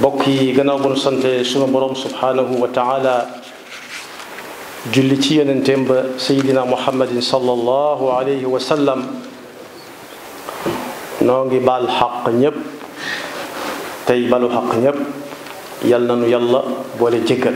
bokk yi gannaaw bu nu sante sunu borom subhanahu wa taala julli ci yonenteem ba sayidina muhammadin sallallahu alayhi wa sallam noo ngi baal xaq ñépp tey balu xaq ñépp yal na nu boole jéggal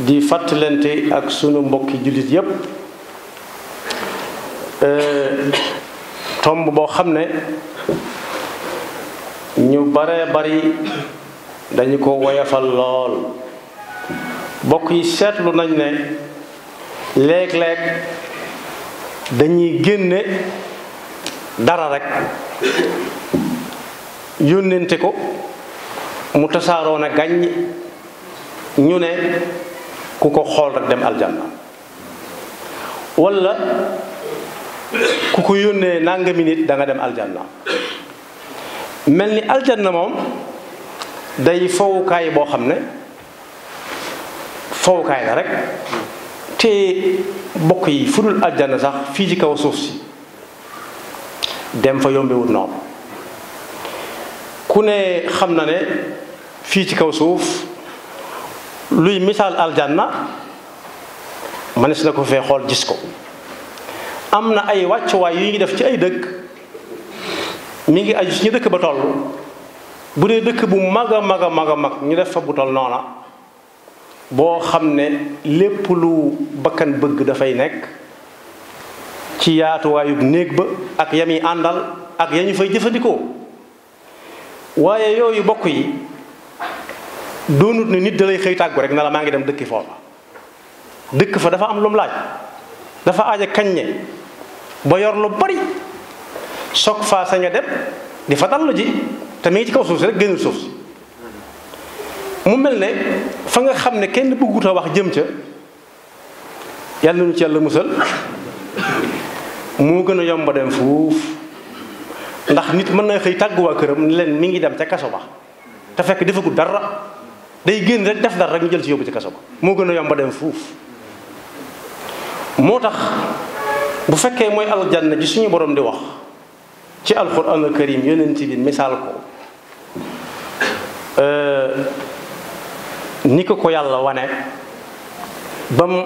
di fàttalante ak sunu mbokki jullit yépp eh, tomb boo xam ne baree bari dañu ko woyafal lool bokk yi seetlu nañ ne léeg-léeg dañuy génne dara rekk yónnente ko mu tasaaroo na gàññ ñu ne ku ko xool rek dem aljanna walla ku ko yónnee nangami nit danga dem aljanna mel ni aljaan na moom day fowukaay boo xam ne fowukaay la rek te bokk yi fu dul aljanna sax fii ci kaw suuf si dem fa yombewut noonu ku ne xam na ne fii ci kaw suuf luy misaal aljanna mënees na ko fee xool gis ko am na ay wàccuwaay yu ñu def ci ay dëkk mi ngi aju ci ñu dëkk ba toll bu dee dëkk bu mag a mag a mag a mag ñu def fa bu toll noona boo xam ne lépp lu bakkan bëgg dafay nekk ci yaatuwaayub néeg ba ak yam yi àndal ak ya ñu fay jëfandikoo waaye yooyu bokk yi doonut ne nit da lay xëy tàggu rek na la maa ngi dem dëkki foofu dëkk fa dafa am lu mu laaj dafa aaja kaññe ba yor lu bari soog faa sañ a dem di fa dallu ji te mi ci kaw suuf si rek génn suuf mu mel ne fa nga xam ne kenn bëggut a wax jëm ca yàlla ñu ci yàlla musal moo gën a yomb dem fuuf ndax nit mën na xëy tàggu waa këram ni leen mi ngi dem ca kaso ba te fekk defagul dara day génn rek def dara rek ñu jël ci yóbbu ci kaso ba moo gën a yomb dem fuuf moo tax bu fekkee mooy aljanna ji suñu borom di wax ci kër alxuraanul karim yonent bi misaal ko euh, ni ko ko yàlla wane ba mu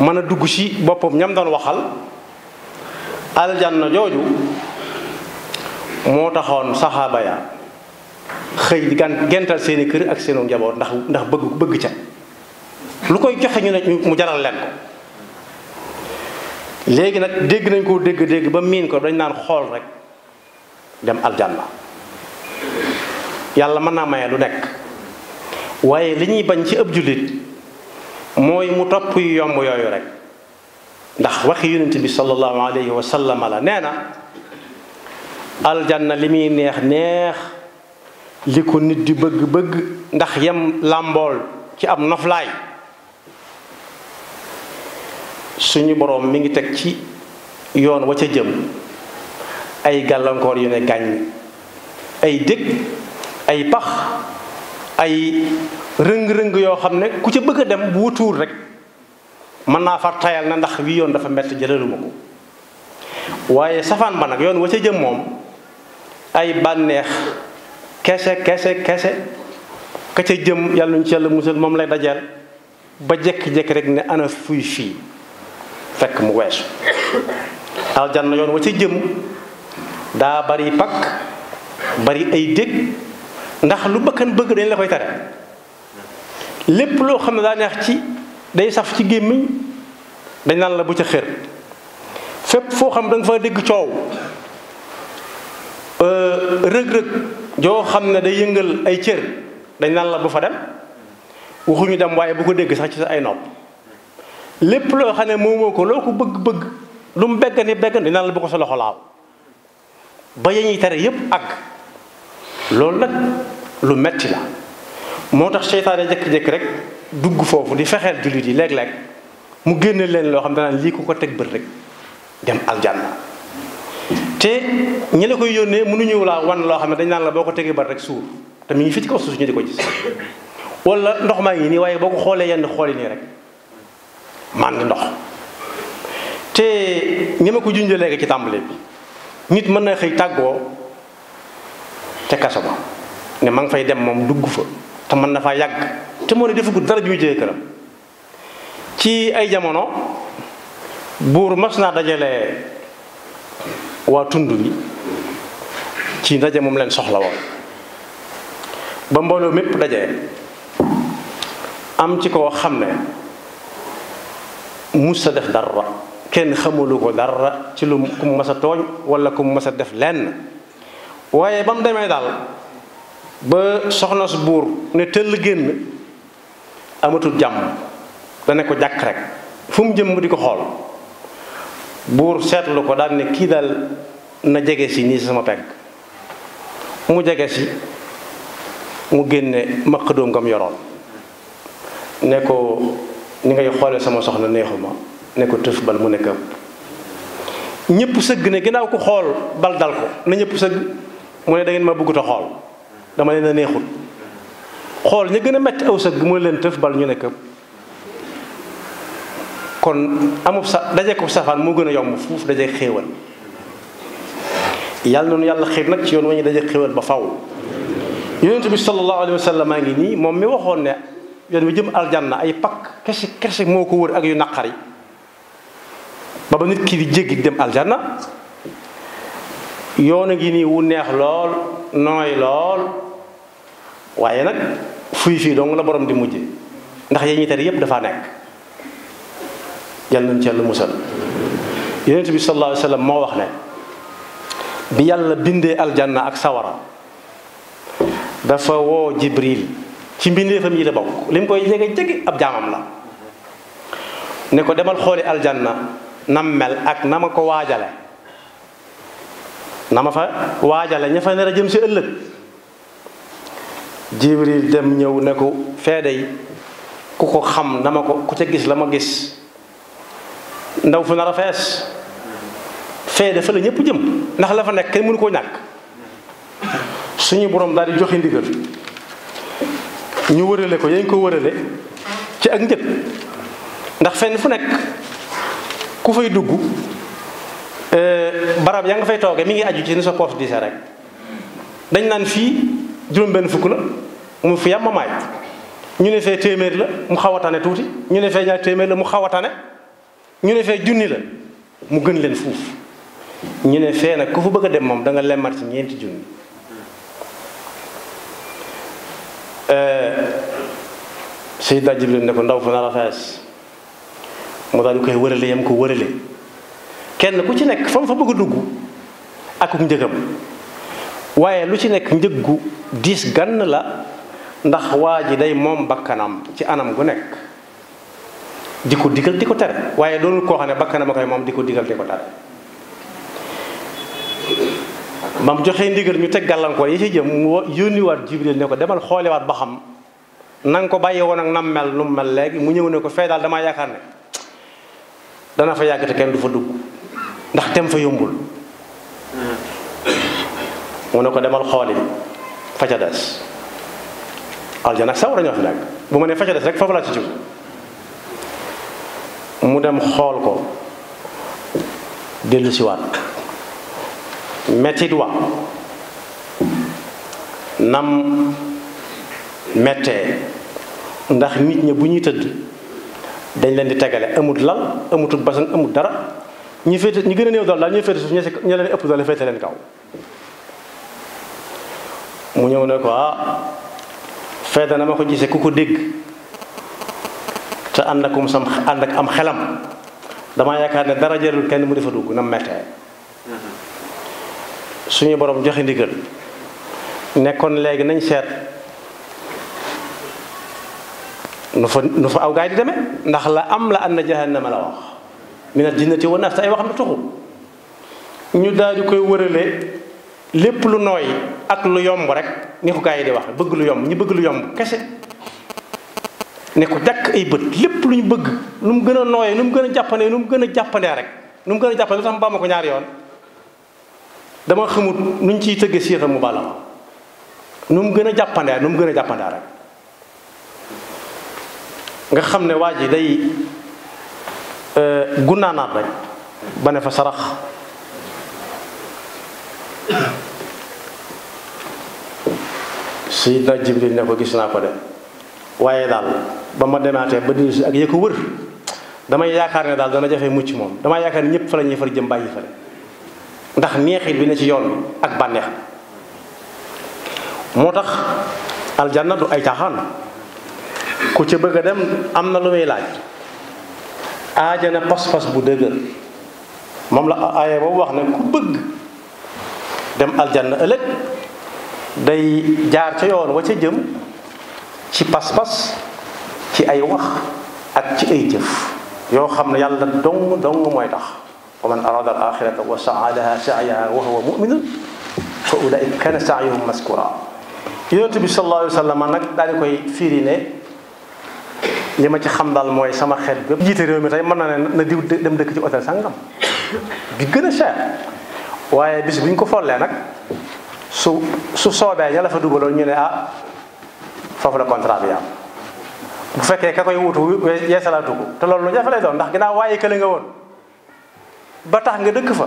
mën a dugg ci boppam ñam doon waxal na jooju moo taxoon saxaaba ya xëy di gan gental seeni kër ak seenu njaboot ndax ndax bëgg bëgg ca lu koy joxe ñu ne mu jaral leen ko léegi nag dégg nañ koo dégg-dégg ba miin ko dañ naan xool rek dem aljanna yàlla mën naa maye lu nekk waaye li ñuy bañ ci ëpp jullit mooy mu topp yu yomb yooyu rekk ndax waxi yonent bi sallallahu alayhi wa sallam la nee na aljanna li muy neex neex li ko nit di bëgg-bëgg ndax yem làmbool ci am noflaay suñu boroom mi ngi teg ci yoon wa ca jëm ay gàllankoor yu ne gàññ ay dëkk ay pax ay rëng-rëng yoo xam ne ku ca bëgg a dem bu wutuur rek mën naa far tayal na ndax wi yoon dafa mett jëlaluma ko waaye safaan ba nag yoon wa ca jëm moom ay bànneex kese kese kese ka ca jëm yàlla ñu ci yàlla musal moom lay dajeel ba jekk-jekk rek ne ana fuy fii fekk mu weesu aljanna yoon wa ca jëm daa bari pakk bari ay dég ndax lu bakkan bëgg dañ la koy tere lépp loo xam ne daa neex ci day saf ci gémmiñ dañ naan la bu ca xër fépp foo xam da nga fa dégg coow euh, rëg-rëg joo xam ne day yëngal ay cër dañ naan la bu fa dem waxuñu dem waaye bu ko dégg sax ci sax ay nopp lépp loo xam ne moomoo ko loo ko bëgg-bëgg lu mu beggani beggani naan la bu ko sa loxo laaw ba yañuy tere yépp àgg loolu nag lu metti la moo tax seytaane jékki-jékki rek dugg foofu di fexeel jullit yi léeg lekk mu génne leen loo xam danaan lii ku ko teg bët rek dem aljanna te ñi la koy yónnee mënuñu laa wan loo xam ne dañ naan la boo ko tegee bët rek suur te mi ngi fi ci kaw suuf ñu di ko gis wala ndox maa ngi nii waaye boo ko xoolee yenn xool yi nii rek màndi ndox te ñi ma ko junjee léegi ci tàmbali bi nit mën na xëy tàggoo te kaso ba ne ma fay dem moom dugg fa te mën na faa yàgg te moo ne defagul dara ju jëye këram ci ay jamono buur mas naa dajale waa tund bi ci ndaje moom leen soxla woon ba mbooloo mépp daje am ci koo xam ne mus sa def dara kenn xamulu ko dara ci lu ku mu mas a tooñ walla ku mu mas a def lenn waaye ba mu demee daal ba soxna su buur ne tëll génn amatul jàmm dana ko jàkk rek fu mu jëm di ko xool buur seetlu ko daal ne kii daal na jege si nii sama pegg mu jege si mu génne maq doom ngam yoroon ne ko ni ngay xoole sama soxna neexuma ne ko tëf bal mu ne këpp ñëpp sëgg ne ginnaaw ko xool bal dal ko na ñëpp sëgg mu ne da ma bëggut xool dama leen a neexul xool ña gën a metti aw sëgg mu ne leen tëf bal ñu ne këpp kon amub sa daje ko safaan moo gën a yomb fuuf daje xéewal yàlla noonu yàlla xiir nag ci yoon wa ñu daje xéewal ba faw yonent bi sallallahu alayhi wa sallam maa ngi nii moom mi waxoon ne yoon wi jëm aljanna ay pakk kese kese moo ko wër ak yu naqari ba ba nit kii di jéggi dem aljana yoon a ngi nii wu neex lool nooy lool waaye nag fuy fii dong la borom di mujje ndax yee ñi tere yépp dafa nekk yàlla nañ ci yàlla musal yonent bi sallallahu alayhi wa moo wax ne bi yàlla bindee aljana ak sawara dafa woo jibril ci mbindeefam yi la bokk li mu koy jege-jege ab jaamam la ne ko demal xooli aljanna nam mel ak nama ko waajale nama fa waajale ña fa nar a jëm si ëllëg jibril dem ñëw ne ko feede yi ku ko xam na ma ko ku ca gis la ma gis ndaw fu nar a fees feede fa la ñëpp jëm ndax la fa nekk kenn mënu koo ñàkk suñu borom daal di joxe ndigal ñu wërale ko yañ ko wërale ci ak njëg ndax fenn fu nekk ku fay dugg euh, barab yaa nga fay tooge mi ngi aju ci ni sa poos di sa rek dañ naan fii juróom-benn fukk la mu fi yàmm maay ñu ne fee téeméer la mu xaw a tuuti ñu ne fee ñaar téeméer la mu xaw a ñu ne fee junni la mu gën leen fuuf ñu ne fee nag ku fu bëgg a dem moom danga nga lemmat ci ñeenti junni euh, Seydina Jibril ne ko ndaw fa nar a fees mu daal di koy wërale yam ko wërale kenn ku ci nekk fa fa bëgg a dugg ak njëgam waaye lu ci nekk njëggu diis gann la ndax waa ji day moom bakkanam ci anam gu nekk di ko digal di ko tere waaye doonul koo xam ne bakkanam a moom di ko digal di ko tere ba mu joxee ndigal ñu teg gàllankoor yi ci jëm mu yónniwaat Jibril ne ko demal xoolewaat ba xam na ko bàyyi woon ak nam mel nu mel léegi mu ñëw ne ko fee daal damaa yaakaar ne dana fa yàgg te kenn du fa dugg ndax tem fa yombul mu ne ko demal xooli fa ca des aljana ak sawara ñoo fi nekk bu ma ne fa des rek foofu laa ci jub mu dem xool ko dellu siwaat mettit wa nam mettee ndax nit ñi bu ñuy tëdd dañ leen di tegale amut lal amutul basan amut dara ñu féete ñu gën a néew doole daal ñooy féete suuf ña ña leen ñëw ne ko ah fee dana ma ko gisee ku ko dégg te ànd ak um sam am xelam damaa yaakaar ne dara jarul kenn mu defa dugg na mettee mm-hmm. suñu borom joxe ndigal nekkoon léegi nañ seet nu fa nu fa aw gaay di demee ndax la am la anna jahannama la wax mina jinnati wa naas te ay waxam ne tuxu ñu daal di koy wërale lépp lu nooy ak lu yomb rek ni ko gaay yi di wax bëgg lu yomb ñu bëgg lu yomb kese ne ko jàkk ay bët lépp lu ñu bëgg lu mu gën a nooyee nu mu gën a jàppandee nu mu gën a jàppandee rek nu gën a jàppandee lu ko ñaari yoon dama xamut nuñ ciy tëgge mu bàlla nu mu gën a jàppandee nu mu gën a jàppandee rek nga xam ne waa ji day euh, gunnaanaat rek ba ne fa sarax si Sayyidna Jibril ne ko gis naa ko de waaye daal ba ma demaatee ba dil si ak yee ko wër damay yaakaar ne daal dana jafe mucc moom damay yaakaar ne ñëpp fa la ñuy far jëm bàyyi fa ndax neexit bi ne ci yoon bi ak bànneex moo tax aljanna ay caaxaan ku ca bëgg a dem am na lu muy laaj aajana pas-pas bu dëgër moom la aaya boobu wax ne ku bëgg dem aljanna ëllëg day jaar ca yoon wa ca jëm ci pas-pas ci ay wax ak ci ay jëf yoo xam ne yàlla dong dong mooy tax wa man arada al axirata wa saa laha saayaha wa huwa muminun fa ulaika kana saayuhum maskura yonent bi sallallahu alayhi wa sallam nag daal koy firi li ma ci xam daal mooy sama xel bépp jiite réew mi tay mën na ne na diw dem dëkk ci hôtel sangam bi gën a cher waaye bis bu ñu ko follee nag su su soobee ña la fa dugaloon ñu ne ah foofu la contrat bi am bu fekkee ka koy wutu yeesalaatu ko te loolu lu jafe lay doon ndax ginnaaw waaye kële nga woon ba tax nga dëkk fa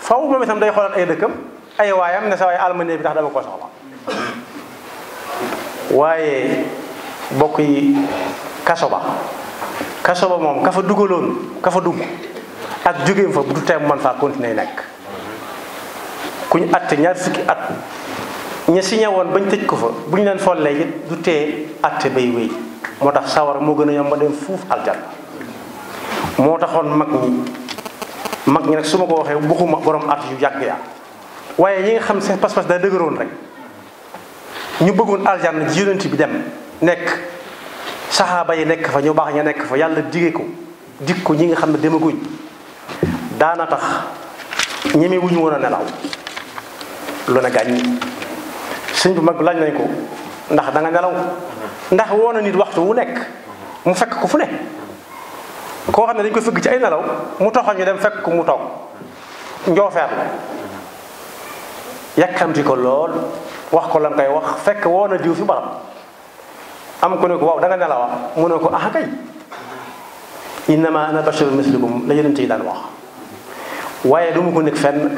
faw moom itam day xoolaat ay dëkkam ay waayam ne sa waaye almané bi tax dama ko soxla waaye bokk yi kaso ba kaso ba moom kafa fa dugaloon ka fa dugg ak jógeem fa bu du tey man faa continuer nekk ku ñu àtte ñaar fukki at ña si ñawoon bañ tëj ko fa bu ñu leen follee it du tee te bay wéy moo tax sawar moo gën a yomb dem fuuf aljanna moo taxoon mag ñi mag ñi nag su ma ko waxee buxuma borom at yu yàgg yaa waaye ñi nga xam seen pas-pas daa dëgëroon rek ñu bëggoon aljanna ji yonent bi dem nekk saxaaba yi nekk fa ñu baax ñu nekk fa yàlla dige ko dig ko ñi nga xam ne demaguñ daana tax ñeme wuñu woon a nelaw lu ne gàññ sëñ bu mag bi laaj ko ndax da nga nelaw ndax woon na nit waxtu wu nekk mu fekk ko fu ne koo xam ne dañ ko fëgg ci ay nelaw mu toxal ñu dem fekk ko mu toog njoofeer la yàkkamti ko lool wax ko lan koy wax fekk woon na diw fi baram am ko ne ko waaw da nga nelaw ah? mu ne ko ah kay innama ana basharun mislukum la yonent yi daan wax waaye du ma ko nekk fenn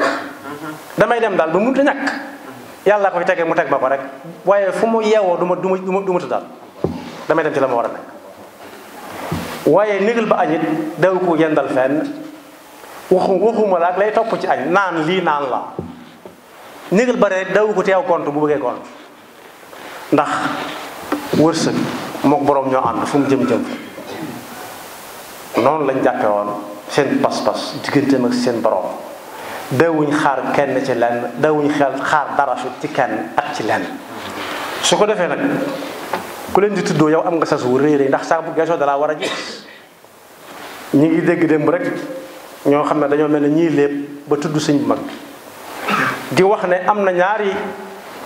damay dem daal ba mënut a ñàkk yàlla koy tegee mu teg ma ko rek waaye fu mu yeewoo duma ma du ma du ma tëddaal damay dem ci la ma war a nekk waaye négal ba añit daw ko yendal fenn waxu waxuma la ak lay topp ci añ naan lii naan la négal ba rek daw ko teew compte bu bëggee compte ndax wërsëg mook boroom ñoo ànd fu mu jëm-jëm noonu lañ jàppe woon seen pas-pas digganteem ak seen boroom dawuñ xaar kenn ci lenn dawuñ xel xaar dara ci kenn ak ci lenn su ko defee nag ku leen di tuddoo yow am nga sas wu rëy rëy ndax saa bu geesoo dalaa war a gis ñi ngi dégg démb rek ñoo xam ne dañoo mel ne ñii lépp ba tudd sëñ bu mag bi wax ne am na ñaari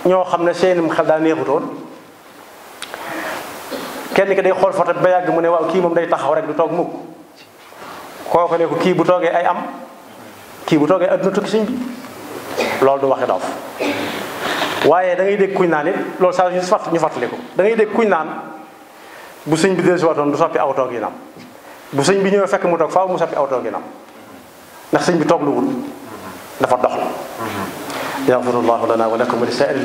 ñoo xam ne seenum xel daa neexutoon kenn ki day xool photo ba yàgg mu ne waaw kii moom day taxaw rek du toog mukk kooku ne ko kii bu toogee ay am kii bu toogee adduna tukki sëñ bi loolu du waxi doof waaye da dégg kuñ naan it loolu saa ñu fàtt ñu fàttaliku da ngay dégg kuñ naan bu sëñ bi dellusiwaatoon du soppi aw toog yi nam bu sëñ bi ñëwee fekk mu toog faaw mu soppi aw toog nam ndax sëñ bi toog lu dafa dox la mm-hmm. yaxfirullahu lana wa lakum wa li saa'iri